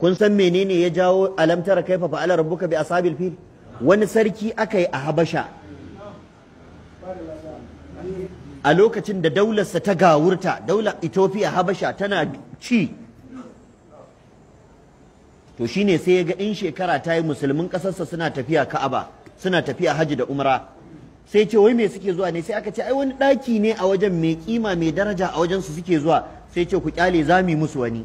kun san menene ya jawo alamtara kaifa fa'ala rabbuka bi ashabil fil wani sarki aka yi a habasha a lokacin da daularsa ta gawurta daular ethiopia habasha tana ci to shine sai ya ga in shekara ta yi musulmin ƙasarsa suna tafiya ka'aba suna tafiya hajji da umra sai ce wai me suke zuwa ne sai aka ce ai wani ɗaki ne a wajen mai kima mai daraja a wajen su suke zuwa sai ce ku kyale yi musu wani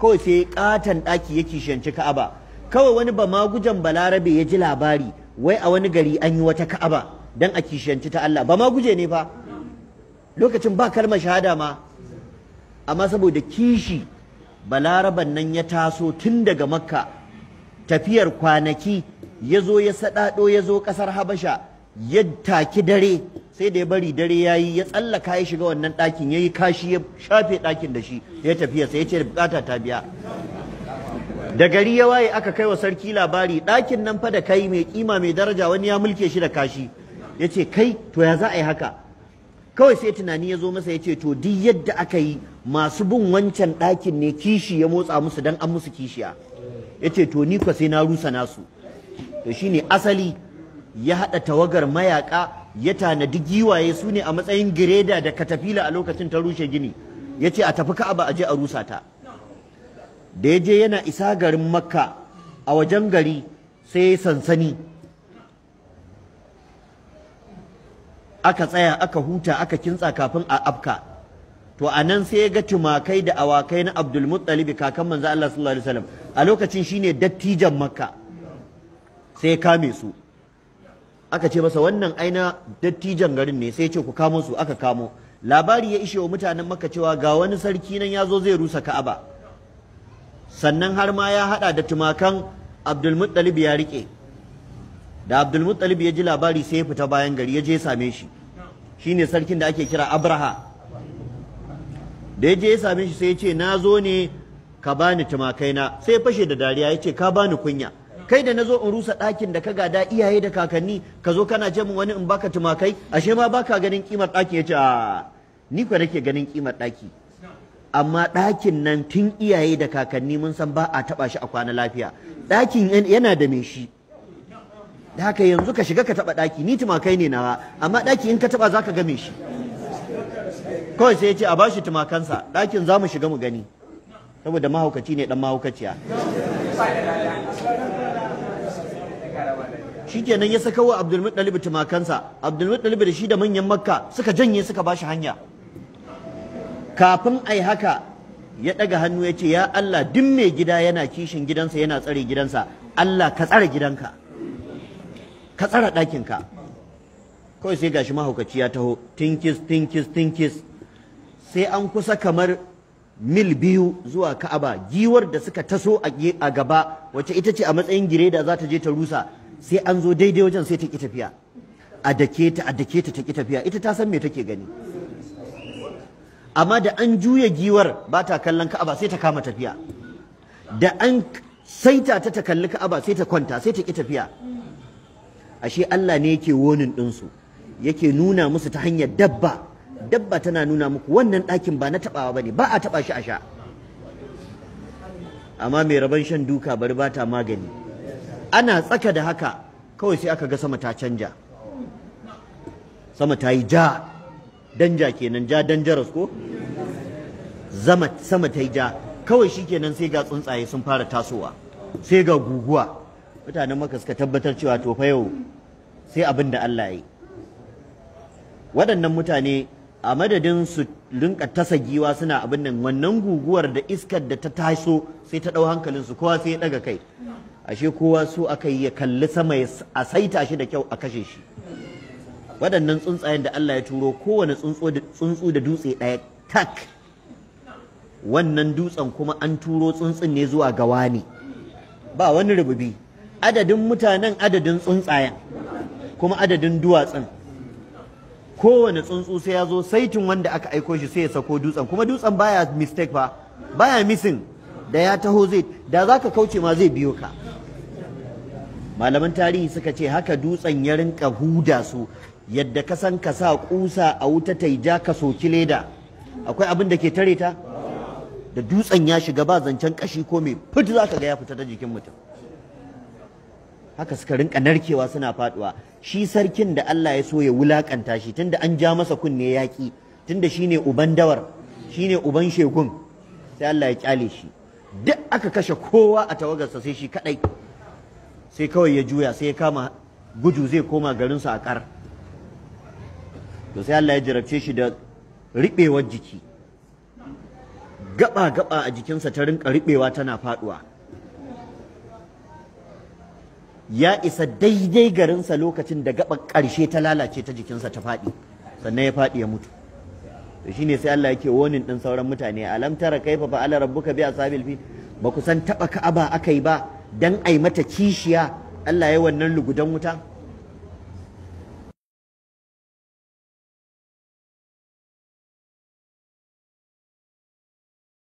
kawai sai katan ɗaki ya kishanci ka'aba kawai wani ba magujan balarabe ya ji labari wai a wani gari an yi wata ka'aba dan a kishanci ta Allah ba guje ne fa lokacin ba kalmar shahada ma amma saboda kishi balaraban nan ya taso tun daga makka tafiyar kwanaki ya zo ya saɗaɗo ya zo ƙasar habasha ya taki dare sai da ya bari dare ya yi ya tsallaka ya shiga wannan ɗakin ya yi kashi ya shafe ɗakin da shi ya tafiya sai ya ce bukata ta biya da gari ya waye aka kai wa sarki labari ɗakin nan fa da kai mai kima mai daraja wani ya mulke shi da kashi ya ce kai to ya za a yi haka kawai sai tunani ya zo masa ya ce to duk yadda aka yi masu bin wancan ɗakin ne kishi ya motsa musu dan an musu kishiya ya ce to ni kwa sai na rusa nasu to shine asali ya haɗa tawagar mayaka ya tanadi giwaye su ne a matsayin gireda da katafila a lokacin ta rushe gini ya ce a tafi ka'aba a je a rusa ta da ya je yana isa garin makka a wajen gari sai sansani aka tsaya aka huta aka kintsa kafin a afka to a nan sai ya ga tumakai da awakai na abdulmuttalibi kakan manzo Allah sallallahu alaihi wasallam a lokacin shine dattijan makka sai ya kame su aka ce masa wannan aina dattijan garin ne sai ce ku kamo su aka kamo labari ya ishe wa mutanen maka cewa ga wani sarki nan ya zo zai rusa ka'aba sannan har ma ya hada da tumakan abdulmuttalib ya rike da abdulmuttalib ya ji labari sai ya fita bayan gari ya je ya same shi shine sarkin da ake kira abraha da ya je ya same shi sai ya ce na zo ne ka bani tumakaina sai fashe da dariya ya ce ka bani kunya kai da nazo in rusa ɗakin da ka ga da iyaye da kakanni ka zo kana ce min wani in baka tumakai ashe ma baka ganin kimar ɗaki ce a ni kwa nake ganin kimar ɗaki amma ɗakin nan tun iyaye da kakanni mun san ba a taɓa shi a kwana lafiya ɗakin yana da me shi da haka yanzu ka shiga ka taɓa ɗaki ni tumakai ne nawa amma ɗaki in ka taɓa za ka me shi kawai sai ya ce a bashi tumakansa ɗakin za mu shiga mu gani saboda mahaukaci ne ɗan mahaukaciya shikenan ya saka wa Abdul tumakansa Abdul da shi da manyan Makka suka janye suka bashi hanya kafin ai haka ya daga hannu ya ce ya Allah duk mai gida yana kishin gidansa yana tsare gidansa Allah ka tsare gidanka ka tsare ɗakinka kawai sai gashi mahaukaci ya taho tinkis tinkis tinkis sai an kusa kamar mil biyu zuwa ka'aba giwar da suka taso a gaba wacce ita ce a matsayin gire da za ta je ta rusa sai an zo daidai wajen sai ta ki tafiya a dake ta a dake ta ta ki tafiya ita ta san me take gani amma da an juya giwar ba ta kallon ka'aba sai ta kama tafiya da an saita ta ta kalli ka'aba sai ta kwanta sai ta ki tafiya ashe Allah ne yake wonin ɗinsu yake nuna musu ta hanyar dabba dabba tana nuna muku wannan ɗakin ba na taɓawa ba ne ba a taɓa shi a sha amma mai rabon shan duka bari ba ta magani ana tsaka da haka kawai sai aka ga sama ta canja sama ta yi ja danja kenan ja danjaras ko sama ta yi ja kawai shi kenan sai ga tsuntsaye sun fara tasowa sai ga guguwa mutanen maka suka tabbatar cewa to fa yau sai abin da Allah yi waɗannan mutane a madadin su rinka tasa giwa suna abin nan wannan guguwar da iskar da ta taso sai ta ɗau hankalinsu kowa sai ya ɗaga kai ashe kowa su aka yi ya kalli sama a saita shi da kyau a kashe shi waɗannan tsuntsayen da Allah ya turo kowane tsuntsu da dutse ɗaya tak wannan dutsen kuma an turo tsuntsun ne zuwa gawa ne ba wani rububi adadin mutanen adadin tsuntsayen kuma adadin duwatsun kowane tsuntsu sai ya zo saitin wanda aka aiko shi sai ya sako dutsen kuma dutsen baya mistake ba baya missing da ya taho zai da zaka kauce ma zai biyo ka malaman tarihi suka ce haka dutsen ya rinka huda su yadda ka san ka sa kusa a wuta ta ja ka soki leda akwai abin da ke tare ta da dutsen ya shiga ba zancen kashi ko mai fit za ka ga ya fita ta jikin mutum haka suka rinka narkewa suna faduwa shi sarkin da Allah ya so ya wulakanta shi tunda an ja masa kunne yaki tunda shine uban dawar shine uban shegun sai Allah ya kyale shi duk aka kashe kowa a tawagarsa sai shi kadai sai kawai ya juya sai ya kama gudu zai koma garinsa a kar to sai Allah ya jarabce shi da riɓewar jiki gaba-gaba a jikinsa ta rinka riɓewa tana faduwa. ya isa daidai garinsa lokacin da gaba ƙarshe ta lalace ta jikinsa ta faɗi sannan ya faɗi ya mutu to shine sai Allah yake wonin ɗin sauran mutane alam tara kaifa fa'ala rabbuka bi ashabil fi ba ku san taɓa ka'aba aka yi ba dan ai mata kishiya Allah ya wannan lugudan wuta